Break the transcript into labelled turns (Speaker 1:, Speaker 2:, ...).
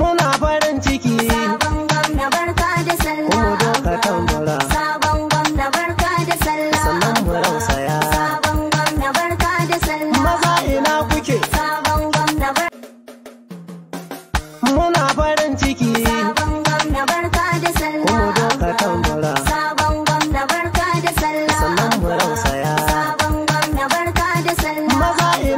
Speaker 1: muna farin ciki sabon barka da sallah kuma doka tambura sabon gwamna barka da sallah sannan mu rausaya sabon gwamna barka da sallah maza ina kuke sabon gwamna barka muna farin ciki sabon gwamna barka da sallah kuma doka sabon gwamna barka da sallah sannan mu rausaya sabon barka da sallah maza ina